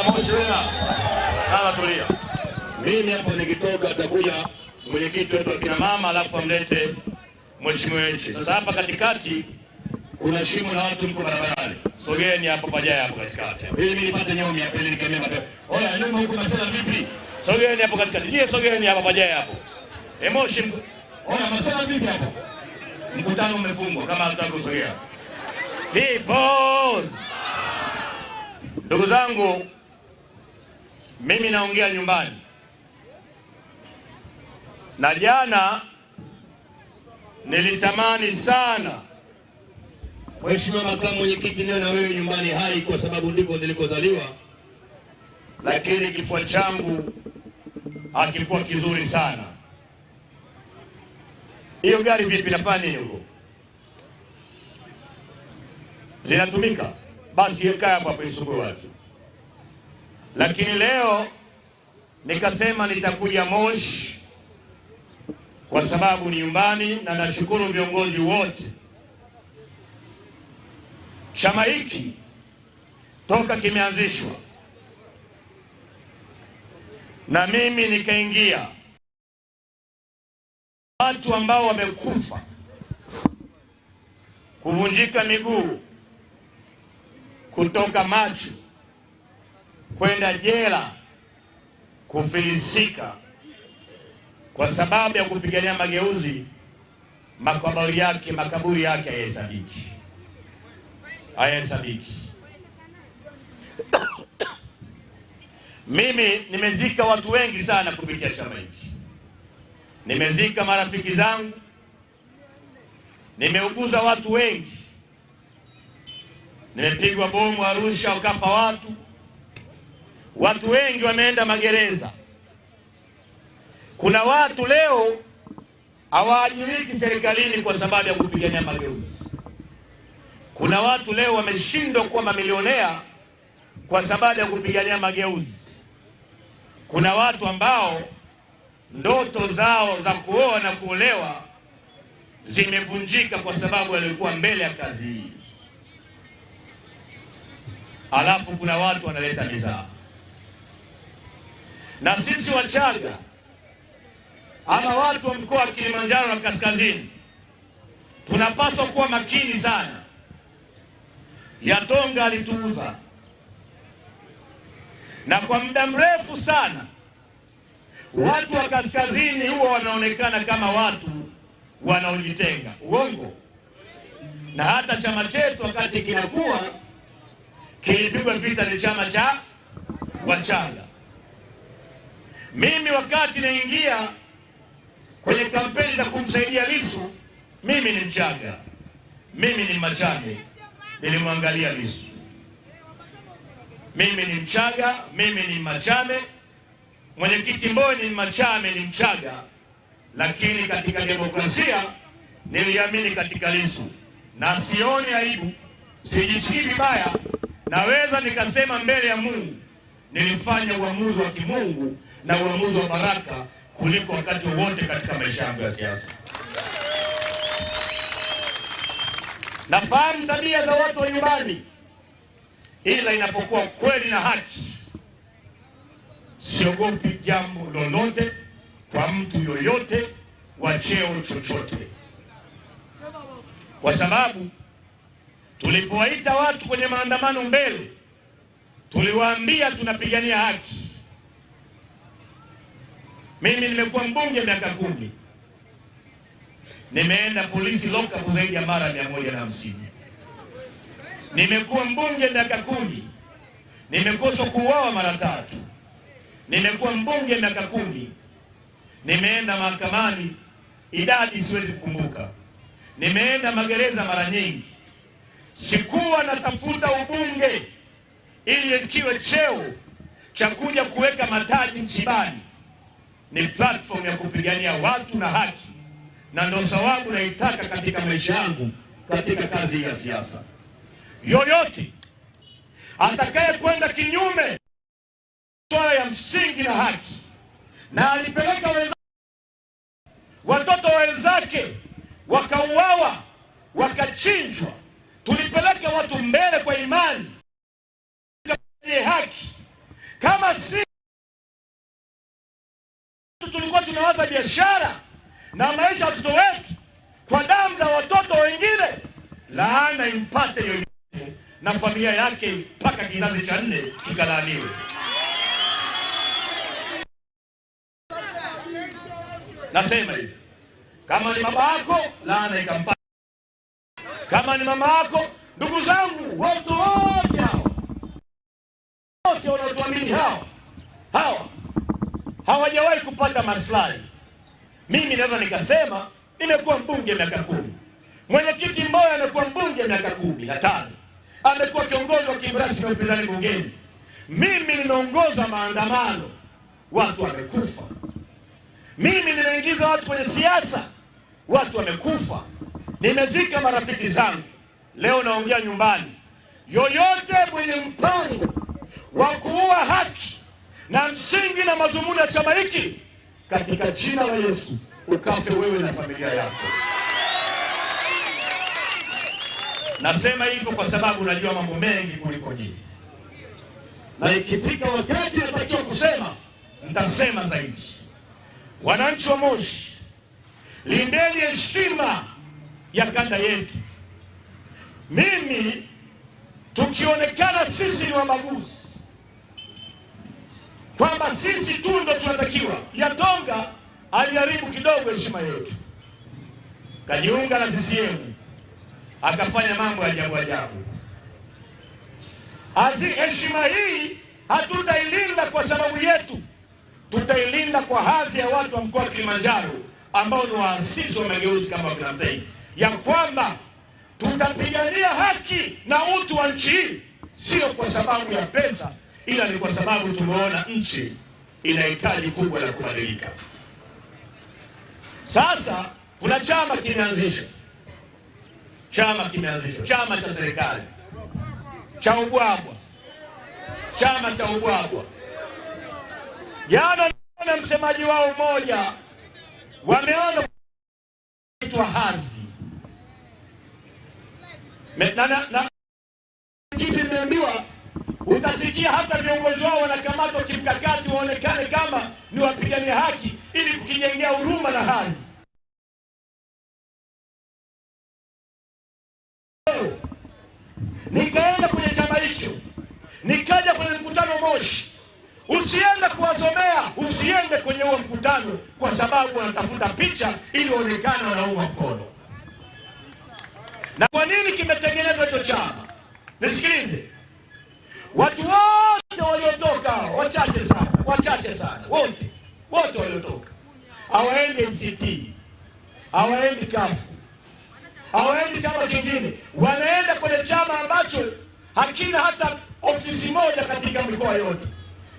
Haya, moshi wewe. Sala tulia. Mimi hapo nikitoka atakuja mwenyekiti wetu akina mama, alafu amlete mheshimiwa wetu. Sasa hapa katikati kuna shimo na watu mko barabarani. Sogeni hapo pajaya hapo katikati. Mimi nipate nyomi hapo ili nikemea mapema. Oya, nyuma huko masela vipi? Sogeni hapo katikati. Nyie sogeni hapo pajaya hapo. Emotion. Oya, masela vipi hapo? Mkutano umefungwa kama hatutaki kusogea. Ndugu zangu mimi naongea nyumbani, na jana nilitamani sana Mheshimiwa Makamu Mwenyekiti, leo na wewe nyumbani hai, kwa sababu ndiko nilikozaliwa, lakini kifua changu hakikuwa kizuri sana. Hiyo gari vipi, nafanya nini huko? Zinatumika? Basi kaa hapo hapo, isumbue watu. Lakini leo nikasema nitakuja Moshi kwa sababu ni nyumbani, na nashukuru viongozi wote. Chama hiki toka kimeanzishwa na mimi nikaingia, watu ambao wamekufa kuvunjika miguu, kutoka macho kwenda jela kufilisika kwa sababu ya kupigania mageuzi, makaburi yake makaburi yake hayahesabiki, hayahesabiki. Mimi nimezika watu wengi sana kupitia chama hiki, nimezika marafiki zangu, nimeuguza watu wengi, nimepigwa bomu Arusha, wakafa watu watu wengi wameenda magereza. Kuna watu leo hawaajiriki serikalini kwa sababu ya kupigania mageuzi. Kuna watu leo wameshindwa kuwa mamilionea kwa sababu ya kupigania mageuzi. Kuna watu ambao ndoto zao za kuoa na kuolewa zimevunjika kwa sababu yalikuwa mbele ya kazi hii. Alafu kuna watu wanaleta mizaa na sisi Wachaga ama watu wa mkoa wa Kilimanjaro na Kaskazini tunapaswa kuwa makini sana. Yatonga alituuza, na kwa muda mrefu sana watu wa kaskazini huwa wanaonekana kama watu wanaojitenga. Uongo. Na hata chama chetu wakati kinakuwa kilipigwa vita ni chama cha Wachaga. Mimi wakati naingia kwenye kampeni za kumsaidia Lisu, mimi ni Mchaga, mimi ni Machame, nilimwangalia lisu Mimi ni Mchaga, mimi ni Machame. Mwenyekiti Mbowe ni Machame, ni Mchaga, lakini katika demokrasia niliamini katika lisu na sioni aibu, sijisikii vibaya. Naweza nikasema mbele ya Mungu nilifanya uamuzi wa kimungu na uamuzi wa baraka kuliko wakati wowote katika maisha yangu ya siasa. Nafahamu tabia za watu wa nyumbani, ila inapokuwa kweli na haki, siogopi jambo lolote kwa mtu yoyote wa cheo chochote, kwa sababu tulipowaita watu kwenye maandamano mbele, tuliwaambia tunapigania haki mimi nimekuwa mbunge miaka kumi, nimeenda polisi lockup zaidi ya mara mia moja na hamsini. Nimekuwa mbunge miaka kumi, nimekoswa kuuawa mara tatu. Nimekuwa mbunge miaka kumi, nimeenda mahakamani, idadi siwezi kukumbuka. Nimeenda magereza mara nyingi. Sikuwa natafuta ubunge ili kiwe cheo cha kuja kuweka mataji msibani ni platform ya kupigania watu na haki, na ndo sababu naitaka katika maisha yangu, katika kazi ya siasa. Yoyote atakaye kwenda kinyume swala ya msingi na haki, na alipeleka wenzake, watoto wenzake wakauawa, wakachinjwa. Tulipeleka watu mbele kwa imani haki kama si Tulikuwa tunawaza biashara na maisha ya watoto wetu kwa damu za watoto wengine, laana impate yoyote na familia yake mpaka kizazi cha nne kikalaaniwe. Nasema hivi, kama ni baba yako laana ikampate. kama ni mama yako. Ndugu zangu, watu wote hao wote wanatuamini hao hawajawahi kupata maslahi. Mimi naweza nikasema nimekuwa mbunge miaka kumi, mwenyekiti Mboya amekuwa mbunge miaka kumi na tano, amekuwa kiongozi wa kimrasi na upinzani bungeni. Mimi nimeongoza maandamano, watu wamekufa. Mimi nimeingiza watu kwenye siasa, watu wamekufa. Nimezika marafiki zangu, leo naongea nyumbani. Yoyote mwenye mpango wa kuua haki na msingi na mazumuni ya chama hiki, katika jina la Yesu ukafe wewe na familia yako. Nasema hivyo kwa sababu najua mambo mengi kuliko nyinyi, na ikifika wakati natakiwa kusema, nitasema zaidi. Wananchi wa Moshi, lindeni heshima ya kanda yetu. Mimi tukionekana sisi ni wabaguzi kwamba sisi tu ndio tunatakiwa. Yatonga aliharibu kidogo heshima yetu, kajiunga na CCM akafanya mambo ya ajabu ajabu. Heshima hii hatutailinda kwa sababu yetu, tutailinda kwa hadhi ya watu wa mkoa wa Kilimanjaro ambao ni waasisi wa mageuzi kama Kinamtei, ya kwamba tutapigania haki na utu wa nchi hii, sio kwa sababu ya pesa ila ni kwa sababu tumeona nchi inahitaji kubwa la kubadilika. Sasa kuna chama kimeanzishwa, chama kimeanzishwa, chama cha serikali cha ubwabwa, chama cha ubwabwa. Jana na msemaji wao mmoja wameona kuitwa hazi na, na, na, kitu imeambiwa Utasikia hata viongozi wao wanakamatwa kimkakati, waonekane kama ni wapigania haki, ili kukijengea huruma na hadhi. Nikaenda kwenye chama hicho, nikaja kwenye mkutano Moshi. Usiende kuwasomea, usiende kwenye huo mkutano, kwa sababu wanatafuta picha ili waonekane wanaunga mkono. Na kwa nini kimetengenezwa hicho chama? Nisikilize watu wote waliotoka, wachache sana, wachache sana, wote wote waliotoka hawaendi act hawaendi kafu, hawaendi chama kingine, wanaenda kwenye chama ambacho hakina hata ofisi moja katika mikoa yote.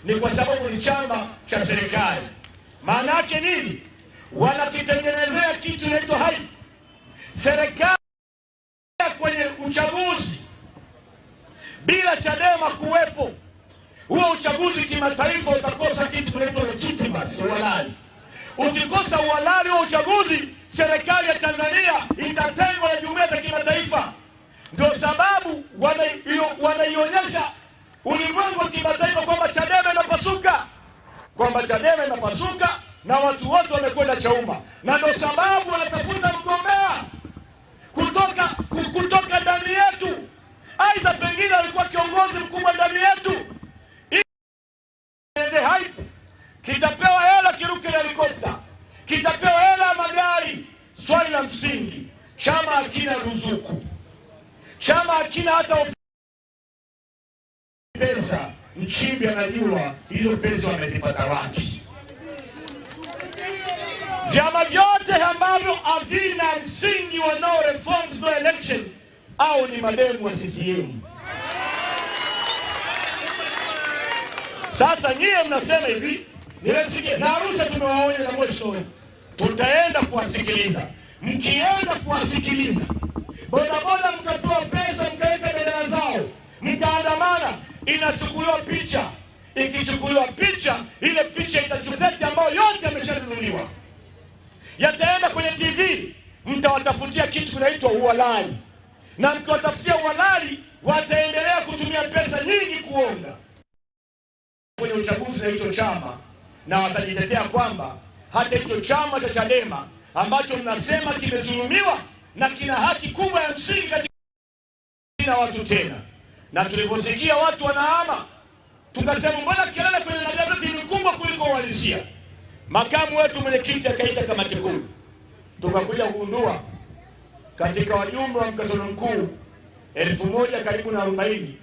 Ni kwa sababu ni chama cha serikali. Maana yake nini? Wanakitengenezea kitu inaitwa hype serikali kwenye uchaguzi bila Chadema kuwepo, huo uchaguzi kimataifa utakosa kitu kinaitwa legitimacy, uhalali. Ukikosa uhalali wa uchaguzi, serikali ya Tanzania itatengwa na jumuiya za kimataifa. Ndio sababu wanaionyesha ulimwengu wa kimataifa kwamba Chadema inapasuka, kwamba Chadema inapasuka na watu wote wamekwenda Chauma, na ndio sababu wanatafuta mgombea kutoka kutoka ndani yetu. Aidha, pengine alikuwa kiongozi mkubwa ndani yetu, kitapewa hela kiruke helikopta, kitapewa hela magari. Swali la msingi, chama hakina ruzuku, chama hakina hata pesa. mchimbi anajua hizo pesa wamezipata wapi. Vyama vyote ambavyo havina msingi wa no reforms no election au ni mademu wa CCM? Sasa nyie mnasema hivi, nimesikia na Arusha tumewaonya na mwisho tutaenda kuwasikiliza. Mkienda kuwasikiliza bodaboda, mkatoa pesa mkaweka bidhaa zao, mkaandamana, inachukuliwa picha. Ikichukuliwa picha, ile picha itachuzeti ambayo yote yameshanunuliwa, yataenda kwenye TV, mtawatafutia kitu kinaitwa uhalali na mkiwatafutia uhalali wataendelea kutumia pesa nyingi kuonga kwenye uchaguzi na hicho chama, na watajitetea kwamba hata hicho chama cha Chadema ambacho mnasema kimezulumiwa na kina haki kubwa ya msingi katika watu tena. Na tulivyosikia watu wanahama, tukasema mbona kelele kwenye magazeti ni kubwa kuliko uhalisia. Makamu wetu mwenyekiti akaita kamati kuu, tukakuja kugundua katika wajumbe wa mkutano mkuu elfu moja karibu na arobaini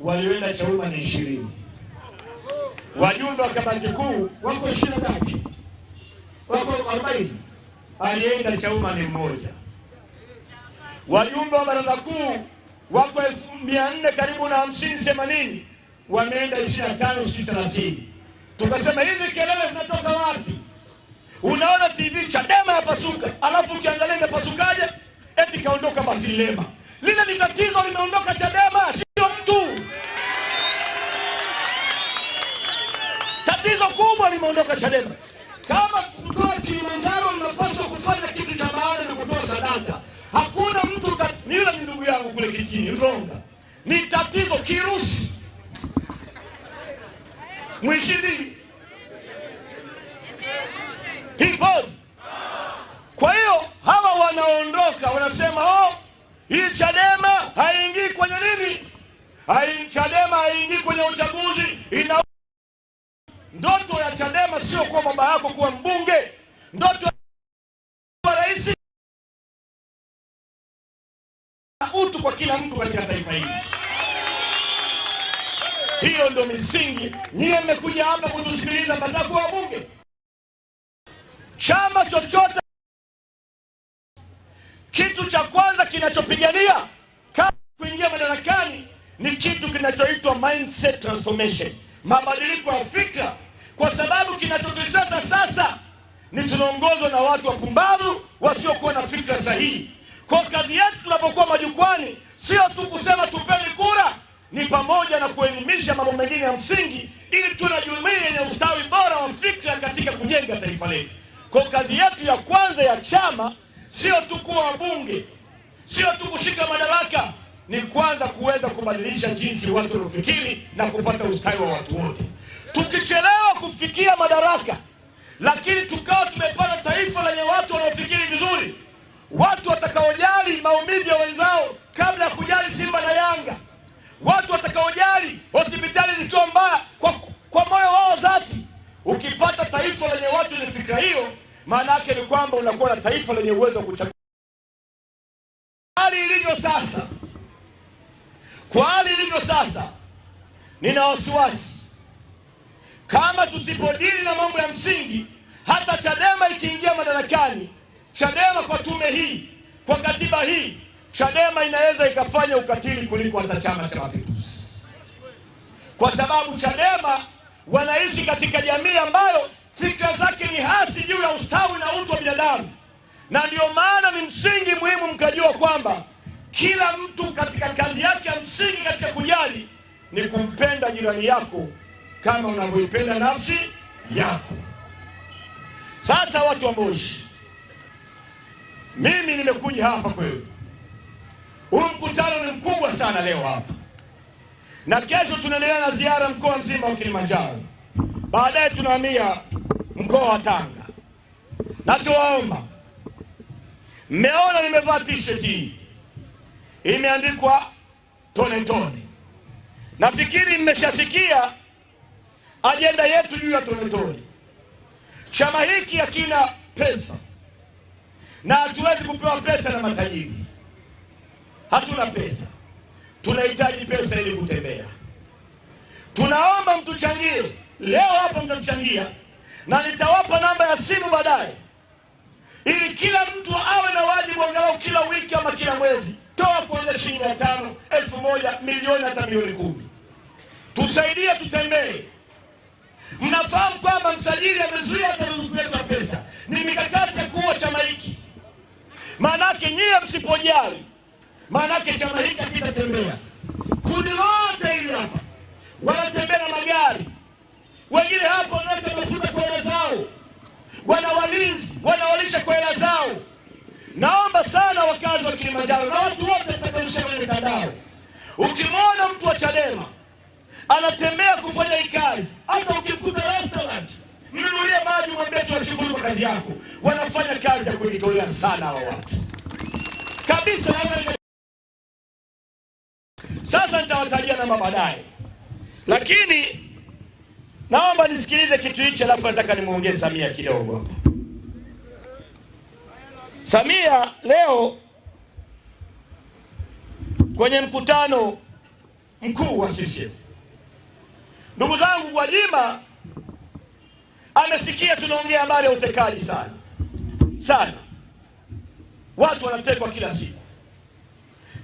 walioenda Chauma ni ishirini. Wajumbe wa kamati kuu wako ishirini na tatu Wako arobaini. Alienda Chauma ni mmoja. Wajumbe wa baraza kuu wako elfu mia nne karibu na hamsini themanini, wameenda ishirini na tano ishirini thelathini. Tukasema hizi kelele zinatoka wapi? Unaona TV Chadema yapasuka, alafu ukiangalia imepasukaje? eti kaondoka Basilema. Lile ni tatizo, limeondoka Chadema, sio mtu. Tatizo kubwa limeondoka Chadema. Kama mkoa Kilimanjaro mnapaswa kufanya kitu cha maana na kutoa sadaka, hakuna mtu kat... yule ni ndugu yangu kule kijini Ronga, ni tatizo kirusi mwishidi kipozi wanatoka wanasema oh, hii Chadema haiingii kwenye nini, hai Chadema haiingii kwenye uchaguzi. Ina ndoto ya Chadema sio kuwa baba yako kuwa mbunge, ndoto ya rais na utu kwa kila mtu katika taifa hili. Hiyo ndio misingi. Nyie mmekuja hapa kutusikiliza, mtakuwa wabunge chama chochote kitu cha kwanza kinachopigania kama kuingia madarakani ni kitu kinachoitwa mindset transformation, mabadiliko ya fikra, kwa sababu kinachotesesa sasa ni tunaongozwa na watu wapumbavu wasiokuwa na fikra sahihi. Kwa kazi yetu tunapokuwa majukwani, sio tu kusema tupeni kura, ni pamoja na kuelimisha mambo mengine ya msingi, ili tuna na yenye ustawi bora wa fikra katika kujenga taifa letu. Kwa kazi yetu ya kwanza ya chama sio tu kuwa wabunge, sio tu kushika madaraka, ni kwanza kuweza kubadilisha jinsi watu wanafikiri na kupata ustawi wa watu wote. Tukichelewa kufikia madaraka, lakini tukawa tumepata taifa lenye watu wanaofikiri vizuri, watu watakaojali maumivu ya wenzao kabla ya kujali Simba na Yanga, watu watakaojali hospitali zikiwa mbaya kwa, kwa moyo wao dhati. Ukipata taifa lenye watu wenye fikra hiyo maana yake ni kwamba unakuwa na taifa lenye uwezo wa kuchagua. Hali ilivyo sasa, kwa hali ilivyo sasa, nina wasiwasi kama tusipodili na mambo ya msingi, hata Chadema ikiingia madarakani, Chadema kwa tume hii, kwa katiba hii, Chadema inaweza ikafanya ukatili kuliko hata Chama cha Mapinduzi, kwa sababu Chadema wanaishi katika jamii ambayo fikra zake ni hasi juu ya ustawi na utu wa binadamu, na ndiyo maana ni msingi muhimu mkajua kwamba kila mtu katika kazi yake ya msingi katika kujali ni kumpenda jirani yako kama unavyoipenda nafsi yako. Sasa watu wa Moshi, mimi nimekuja hapa kwenu. Huu mkutano ni mkubwa sana leo hapa, na kesho tunaendelea na ziara mkoa mzima wa Kilimanjaro baadaye tunahamia mkoa wa Tanga. Nachowaomba, mmeona nimevaa t-shirt hii imeandikwa tone tone. Nafikiri mmeshasikia ajenda yetu juu ya tone tone. Chama hiki hakina pesa na hatuwezi kupewa pesa na matajiri. Hatuna pesa, tunahitaji pesa ili kutembea. Tunaomba mtuchangie leo hapa mtamchangia na nitawapa namba ya simu baadaye, ili kila mtu awe na wajibu angalau kila wiki ama kila mwezi, toa kuanzia shilingi mia tano, elfu moja, milioni, hata milioni kumi, tusaidie tutembee. Mnafahamu kwamba msajili amezuia hata yetu ya pesa, ni mikakati ya kuwa chama hiki. Maanake nyiye msipojali, maanake chama hiki akitatembea Kundi lote hili hapa wanatembea na magari wengine hapo wanaleta mafuta kwa hela zao, wana walinzi wanawalisha kwa hela zao. Naomba sana wakazi wa Kilimanjaro na watu wote tutakaoshia kwenye mitandao, ukimwona mtu wa Chadema anatembea kufanya hii kazi, hata ukimkuta restaurant, mnunulie maji, mwambie tunashukuru kwa kazi yako. Wanafanya kazi ya kujitolea sana hawa watu kabisa. Sasa nitawatajia namba baadaye, lakini Naomba nisikilize kitu hicho, alafu nataka nimuongee Samia kidogo Samia leo kwenye mkutano mkuu wa CCM, ndugu zangu, Gwajima amesikia tunaongea habari ya utekaji sana sana, watu wanatekwa kila siku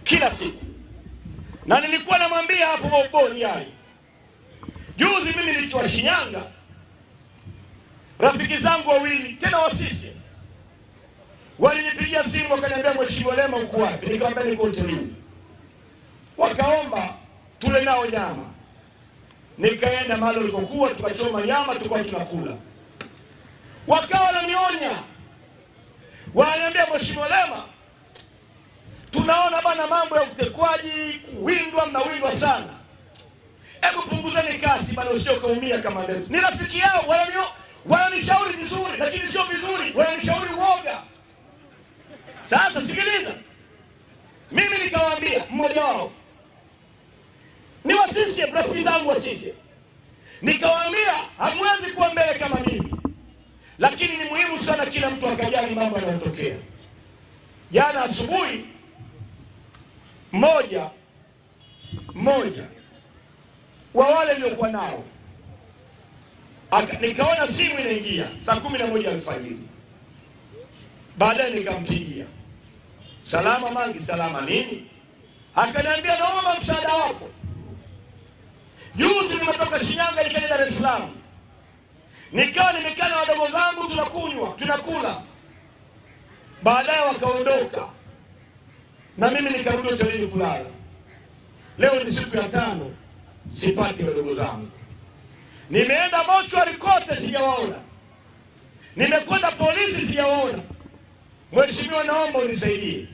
kila siku, na nilikuwa namwambia hapo Mauboni yani. Juzi mimi nikiwa Shinyanga, rafiki zangu wawili tena sisi walinipigia simu wakaniambia, mheshimiwa Lema uko wapi? Nikamwambia niko hotelini. Wakaomba tule nao nyama, nikaenda mahali walikokuwa, tukachoma nyama, tulikuwa tunakula. Wakawa wananionya wananiambia, mheshimiwa Lema, tunaona bana mambo ya utekwaji, kuwindwa, mnawindwa sana hebu punguzeni kasi bado, sio kaumia kama leo. Ni rafiki yao wananio, wananishauri vizuri, lakini sio vizuri, wananishauri uoga. Sasa sikiliza, mimi nikawaambia mmoja wao ni wa CCM, rafiki zangu wa nikawaambia hamwezi kuwa mbele kama mimi, lakini ni muhimu sana kila mtu akajali mambo yanayotokea. Jana asubuhi, moja moja wa wale niliokuwa nao. Nikaona simu inaingia saa kumi na moja alfajiri. Baadaye nikampigia, salama Mangi, salama nini? Akaniambia, naomba msaada wako. Juzi nimetoka Shinyanga nikaja Dar es Salaam, nikawa nimekana wadogo zangu, tunakunywa tunakula. Baadaye wakaondoka na mimi nikarudi hotelini kulala. Leo ni siku ya tano sipati wadogo zangu. Nimeenda mochwari kote sijawaona, nimekwenda polisi sijawaona. Mheshimiwa, naomba unisaidie.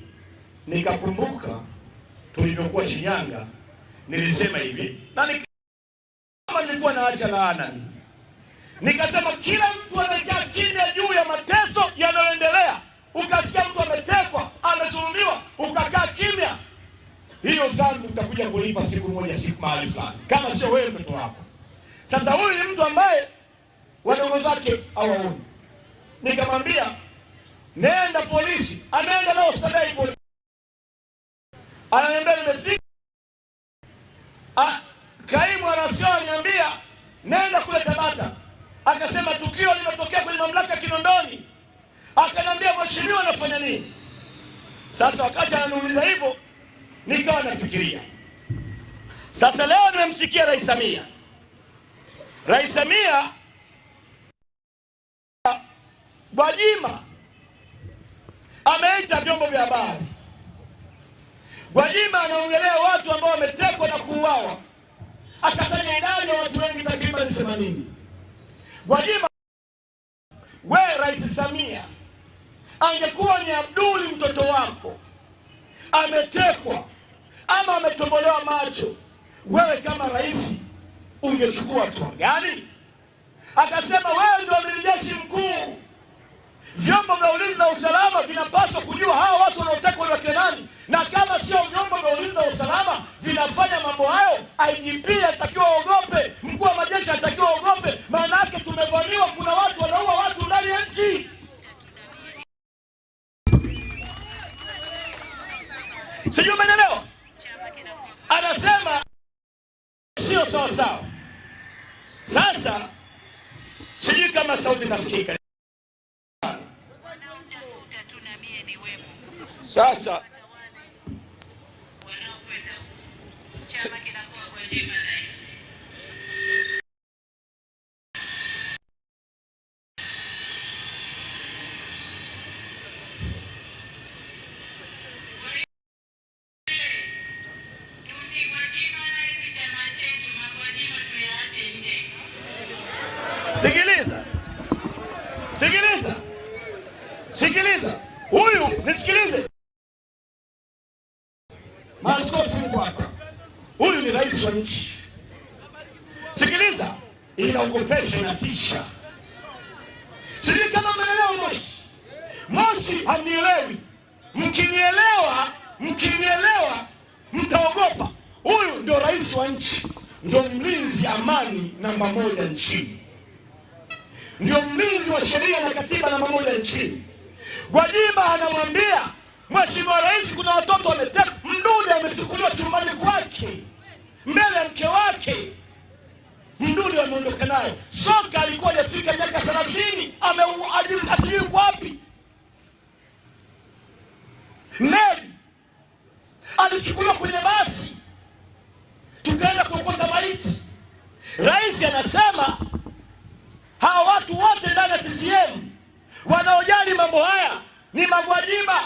Nikakumbuka tulivyokuwa Shinyanga, nilisema hivi na nikama nilikuwa naacha laana, nikasema kila mtu anakaa kimya juu ya mateso yanayoendelea. Ukasikia mtu ametekwa, amezulumiwa, ukakaa kimya hiyo dhambi mtakuja kulipa siku moja, siku mahali fulani, kama sio wewe mtoto wako. Sasa huyu ni mtu ambaye wadogo zake hawaoni. Nikamwambia nenda polisi, ameenda nao stadai polisi, ananiambia nimefika. Kaimu anasio aniambia nenda kule Tabata, akasema tukio limetokea kwenye mamlaka ya Kinondoni. Akaniambia mheshimiwa, anafanya nini? Sasa wakati ananiuliza hivyo nikawa nafikiria sasa. Leo nimemsikia Rais Samia, Rais Samia Gwajima ameita vyombo vya habari. Gwajima anaongelea watu ambao wametekwa na kuuawa, akafanya idadi ya watu wengi takriban semanini Gwajima, we Rais Samia, angekuwa ni Abduli mtoto wako ametekwa ama ametobolewa macho, wewe kama rais ungechukua hatua gani? Akasema wewe ndio amiri jeshi mkuu, vyombo vya ulinzi na usalama vinapaswa kujua hawa watu wanaotekwa ni wakina nani, na kama sio vyombo vya ulinzi na usalama vinafanya mambo hayo, IGP atakiwa ogope, mkuu wa majeshi atakiwa ogope. Maana yake tumevamiwa, kuna watu wanaua watu ndani ya nchi. sijui umeelewa. Anasema sio sawa sawa. Sasa sijui kama sauti nasikika sasa. na tisha, Sijui kama mnaelewa Moshi. Moshi hanielewi. Mkinielewa, mkinielewa mtaogopa. Huyu ndio rais wa nchi, ndio mlinzi amani namba moja nchini, ndio mlinzi wa sheria na katiba namba moja nchini. Gwajima anamwambia Mheshimiwa Rais, kuna watoto wametekwa. Mdude amechukuliwa chumbani kwake mbele ya mke wake mdudu ameondoka nayo. Soka alikuwa hajafika miaka thelathini, kwa wapi. Meli alichukuliwa kwenye basi, tukaenda kuokota maiti. Rais anasema hawa watu wote ndani ya CCM wanaojali mambo haya ni magwadiba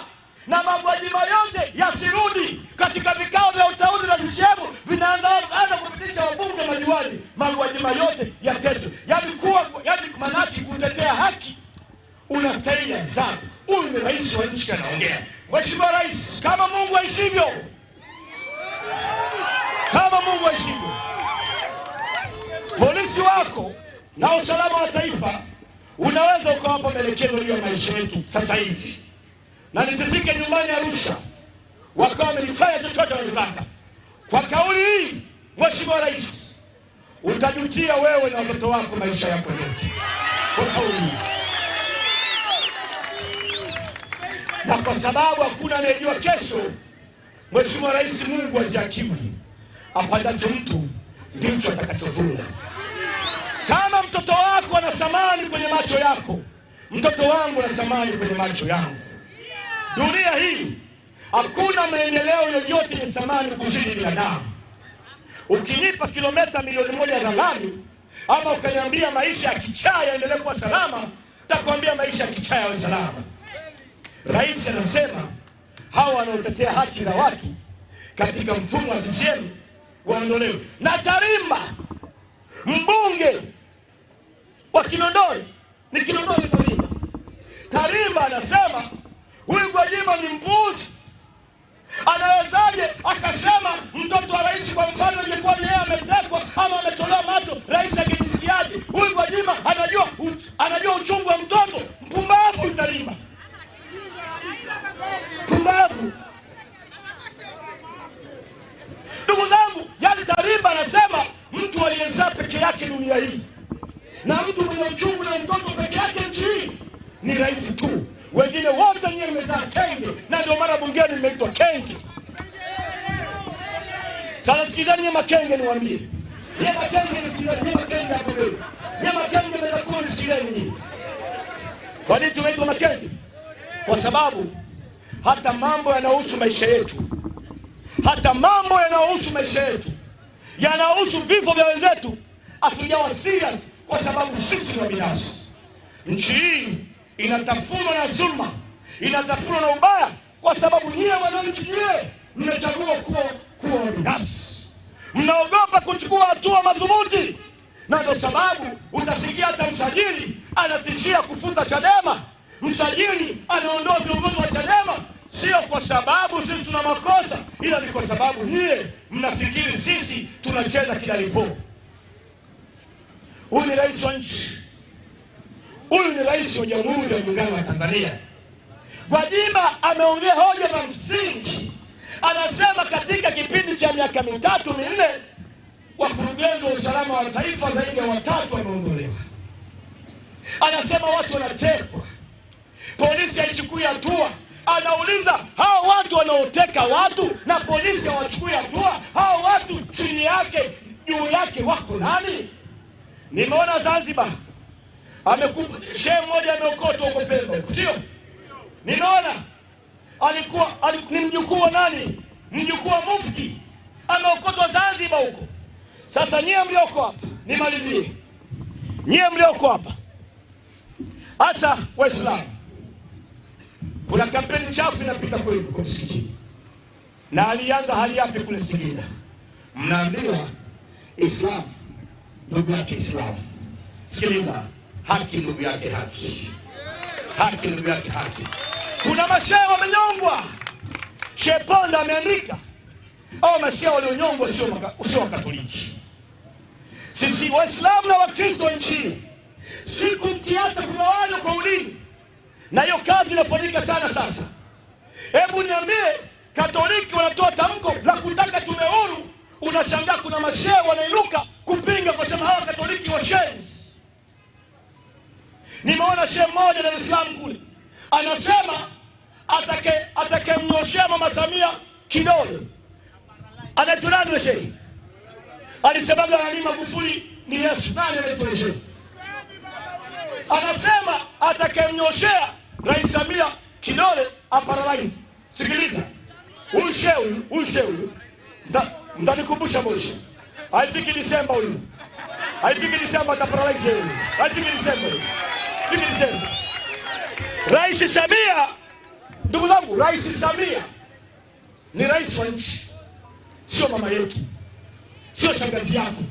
na mambo yajiba yote yasirudi katika vikao vya uteuzi na CCM vinaanza kupitisha wabunge madiwani, mambo yajiba yote yateswe. Yani kuwa yani manaki kutetea haki unastahili adhabu. Huyu ni rais wa nchi anaongea. Mheshimiwa Rais, kama Mungu aishivyo, kama Mungu aishivyo, polisi wako na usalama wa taifa unaweza ukawapa maelekezo juu ya maisha yetu sasa hivi na nisifike nyumbani Arusha, wakawa wamenifanya chochote wanataka. Kwa kauli hii, Mheshimiwa Rais, utajutia wewe na watoto wako maisha yako yote, kwa kauli hii. Na kwa sababu hakuna anayejua kesho, Mheshimiwa Rais, Mungu hazihakimu. Apandacho mtu ndicho atakachovuna. Kama mtoto wako ana thamani kwenye macho yako, mtoto wangu ana thamani kwenye macho yangu. Dunia hii hakuna maendeleo yoyote ya samani kuzidi binadamu. Ukinipa kilometa milioni moja za lami ama ukaniambia maisha ya kichaa yaendelee kuwa salama, takuambia maisha ya kichaa yawe salama. Rais anasema hawa wanaotetea haki za watu katika mfumo wa CCM waondolewe. Na Tarimba mbunge wa kinondoi ni kinondoi Tarimba, Tarimba anasema Huyu Gwajima ni mpuzi. Anawezaje akasema mtoto wa rais kwa mfano ingekuwa ni yeye ametekwa ama ametolewa macho, rais angejisikiaje? Huyu Gwajima anajua, anajua uchungu wa mtoto. Mpumbavu Italima, mpumbavu. Ndugu zangu, yani Tariba anasema mtu aliyezaa peke yake dunia hii na mtu mwenye uchungu na mtoto peke yake nchi hii ni rais tu wengine wote nyie mmezaa kenge, na ndio mara bungeni nimeitwa kenge. Sasa sikizani nyie makenge, niwaambie nyie makenge, nisikizani nyie makenge hapo mbele, nyie makenge mmeza kuu, nisikizani nyie. Kwa nini tumeitwa makenge? Kwa sababu hata mambo yanayohusu maisha yetu, hata mambo yanayohusu maisha yetu, yanahusu vifo vya wenzetu, hatujawa serious kwa sababu sisi ni binafsi nchi hii inatafunwa na zulma, inatafunwa na ubaya, kwa sababu nyie wananchi, nyie mmechagua kuwa kuwa binafsi, mnaogopa kuchukua hatua madhubuti, na ndio sababu utasikia hata msajili anatishia kufuta Chadema, msajili anaondoa viongozi wa Chadema, sio kwa sababu sisi tuna makosa, ila ni kwa sababu nyie mnafikiri sisi tunacheza kidalipo. Huyu ni rais wa nchi Huyu ni rais wa Jamhuri ya Muungano wa Tanzania. Gwajima ameongea hoja za msingi, anasema katika kipindi cha miaka mitatu minne wakurugenzi wa usalama wa taifa zaidi ya watatu wameondolewa. Anasema watu wanatekwa, polisi haichukui hatua. Anauliza, hao watu wanaoteka watu na polisi hawachukui hatua, hao watu chini yake juu yake wako nani? Nimeona Zanzibar amekufa. Shehe mmoja ameokotwa huko Pemba, sio? Ninaona alikuwa ni mjukuu wa nani? Mjukuu wa Mufti, ameokotwa Zanzibar huko. Sasa nyie mlioko hapa, nimalizie. Nyie mlioko hapa hasa Waislamu, kuna kampeni chafu inapita kwenu huko msikitini, na alianza hali yapi kule Singida, mnaambiwa Islam ndugu yake Islam. Sikiliza, haki, ndugu yake haki, haki, ndugu yake haki. Kuna mashehe wamenyongwa. sheponda ameandika au mashehe walionyongwa sio Wakatoliki. Sisi Waislamu na Wakristo nchini siku mkiacha kugawana kwa ulini na hiyo kazi inafanyika sana sasa. Hebu niambie, Katoliki wanatoa tamko la kutaka tume huru, unashangaa kuna mashehe wanainuka kupinga kusema hawa Katoliki washenzi Nimeona shehe mmoja Dar es Salaam kule anasema atakemnyoshea mama Samia kidole anaitwa we shehe? Alisemaga nani? Magufuli ni Yesu. Nani anaitwa Anasema atakemnyoshea Rais Samia kidole aparalaizi. Sikiliza huyu shehe huyu, huyu shehe huyu, ndanikumbusha Moshi. aisiki Disemba huyu, aisiki Disemba ataparalaizi huyu, haifiki Disemba huyu. Sikilizeni, Rais Samia, ndugu zangu, Rais Samia ni rais wa nchi, sio mama yetu, sio shangazi yako,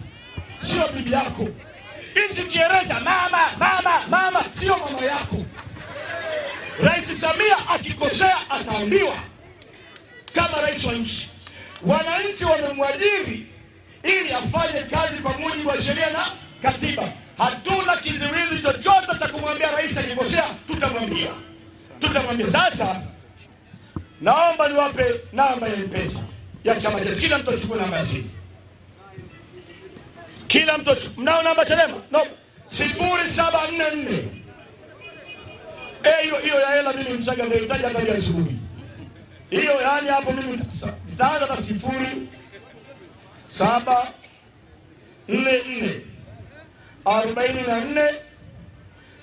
sio bibi yako. Nchi kiereja mama mama mama, sio mama yako. Rais Samia akikosea ataambiwa kama rais wa nchi. Wananchi wamemwajiri ili afanye kazi kwa mujibu wa sheria na katiba. Hatuna kizuizi cha rais akikosea tutamwambia, tutamwambia. Sasa naomba niwape namba ya mpesa ya chama chetu, kila mtu achukue namba ya simu, kila mtu. achukue. Mnao namba Chadema? No, sifuri saba nne nne. Eh, hiyo hiyo ya hela mimi msaga ndio itaja hata ya sifuri hiyo, yani hapo mimi nitaanza na sifuri saba nne nne arobaini na nne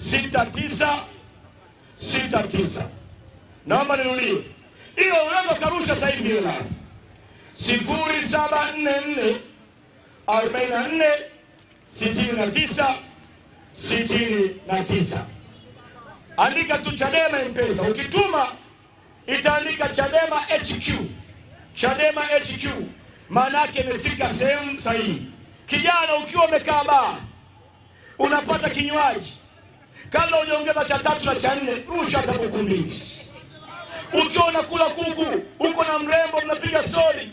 sita tisa sita tisa. Naomba nirudie hiyo, unaweza ukarusha sasa hivi bila sifuri saba nne nne arobaini na nne sitini na tisa sitini na tisa. Andika tu Chadema Mpesa, ukituma itaandika Chadema HQ, Chadema HQ, maana yake imefika sehemu sahihi. Kijana, ukiwa umekaa baa unapata kinywaji kabla hujaongeza cha tatu na cha nne, rusha hata kuku mbili. Ukiwa unakula kuku, uko na mrembo, mnapiga stori,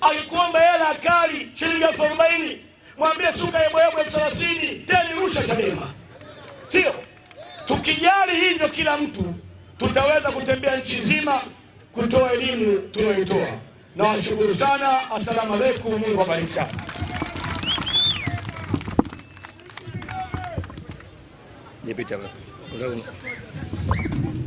alikuomba hela kali shilingi elfu arobaini mwambie suka yeboyebo elfu thelathini teni, rusha Chadema. Sio tukijali hivyo kila mtu, tutaweza kutembea nchi nzima kutoa elimu tunayoitoa. Nawashukuru sana, assalamu alaikum, Mungu awabariki sana. చేపించాము